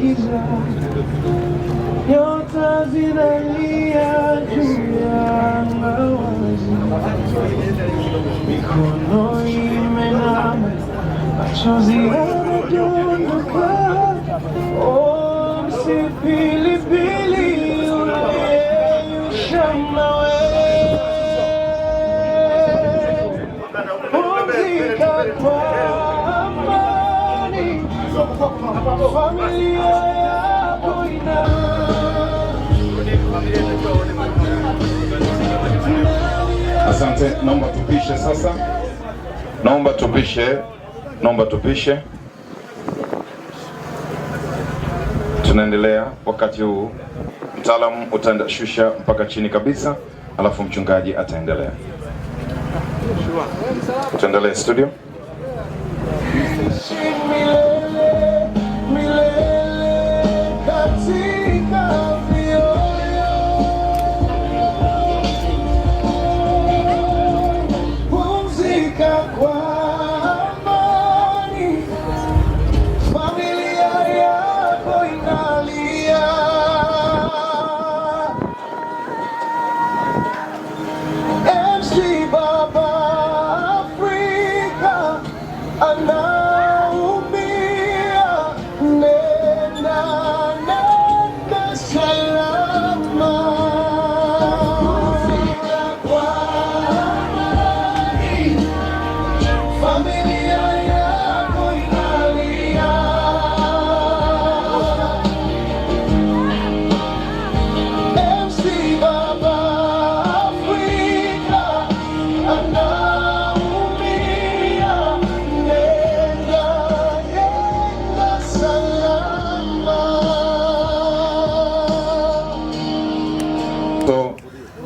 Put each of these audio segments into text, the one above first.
giza, nyota zinalia juu ya mawazo, mikono imenama, machozi yanadondoka. Oh, msipilipili uliyeyusha mawe, pumzika kwa Asante, naomba tupishe sasa, naomba tupishe, naomba tupishe. Tunaendelea wakati huu, mtaalamu utaenda shusha mpaka chini kabisa, alafu mchungaji ataendelea. Tuendelee studio.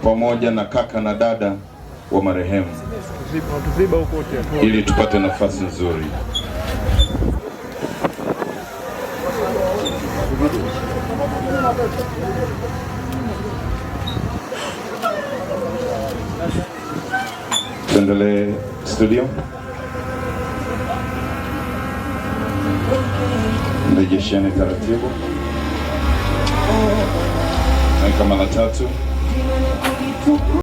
pamoja na kaka na dada wa marehemu ili tupate nafasi nzuri. Tuendelee studio. Rejesheni taratibu. Kama la tatu. 我。